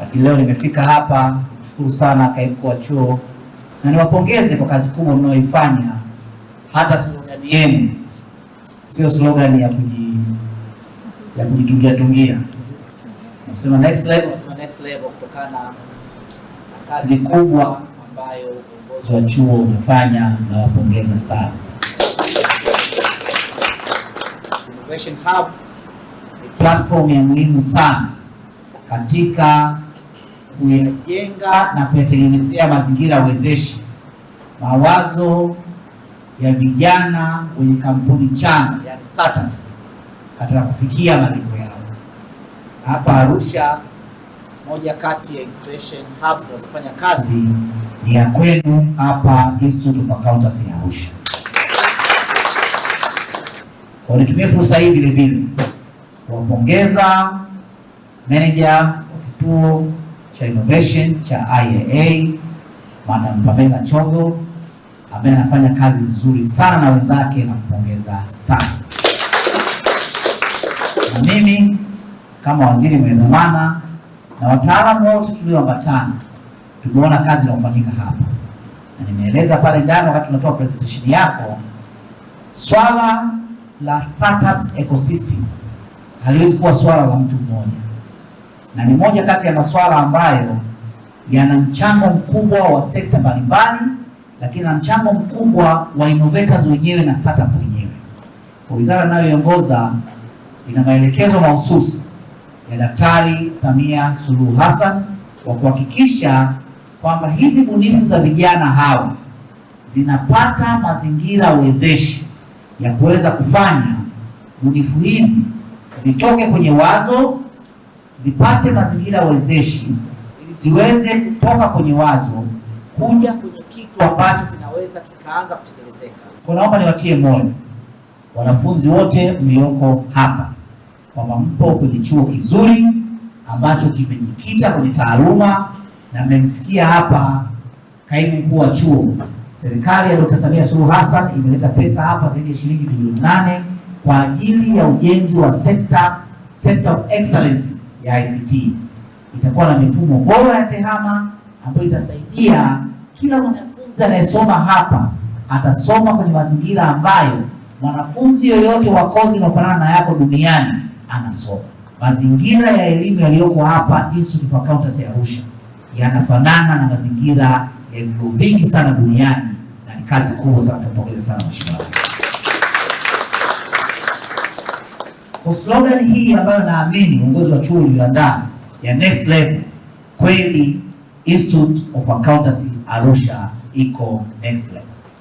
Lakini leo nimefika hapa kushukuru sana kaimu wa chuo na niwapongeze kwa kazi kubwa mnayoifanya. Hata slogani yenu sio slogani ya kuji ya kujitungia tungia, nasema next level, nasema next level kutokana na kazi kubwa ambayo uongozi wa chuo umefanya. Nawapongeza sana. Innovation Hub ni platform ya muhimu sana katika kuyajenga na kuyatengenezea mazingira wezeshi mawazo ya vijana wenye kampuni chana, yani startups, katika kufikia malengo yao. Hapa Arusha, moja kati ya incubation hubs zinazofanya kazi ni ya kwenu hapa Institute of Accountancy ya Arusha. Kwa nitumie fursa hii vilevile kuwapongeza meneja wa kituo cha innovation cha IAA, Madam Pamela Chogo ambaye anafanya kazi nzuri sana na wenzake, na kupongeza sana. Na mimi kama waziri mwendamana na wataalamu wote tulioambatana, tumeona kazi inayofanyika hapa, na nimeeleza pale ndani wakati tunatoa presentation yako, swala la startups ecosystem haliwezi kuwa swala la mtu mmoja na ni moja kati ya masuala ambayo yana mchango mkubwa wa sekta mbalimbali, lakini na mchango mkubwa wa innovators wenyewe na startup wenyewe. Kwa wizara inayoongoza ina maelekezo mahususi ya Daktari Samia Suluhu Hassan wa kuhakikisha kwamba hizi bunifu za vijana hawa zinapata mazingira wezeshi ya kuweza kufanya bunifu hizi zitoke kwenye wazo zipate mazingira wezeshi ili ziweze kutoka kwenye wazo kuja kwenye kitu ambacho kinaweza kikaanza kutekelezeka. Kwa naomba niwatie moyo wanafunzi wote mlioko hapa kwamba mpo kwenye chuo kizuri ambacho kimejikita kwenye taaluma, na mmemsikia hapa kaimu mkuu wa chuo. Serikali ya Dkt. Samia Suluhu Hassan imeleta pesa hapa zaidi ya shilingi bilioni nane kwa ajili ya ujenzi wa sekta, sekta of excellence ya ICT. Itakuwa na mifumo bora ya TEHAMA ambayo itasaidia kila mwanafunzi anayesoma hapa atasoma kwenye mazingira ambayo mwanafunzi yoyote wa kozi inayofanana na yako duniani anasoma. Mazingira ya elimu yaliyoko hapa Institute of Accountancy Arusha yanafanana na mazingira ya vyuo vingi sana duniani, na ni kazi kubwa sana. Tupongeze sana mheshimiwa. Kwa slogan hii ambayo naamini uongozi wa chuo uliandaa ya next level, kweli Institute of Accountancy Arusha iko next level.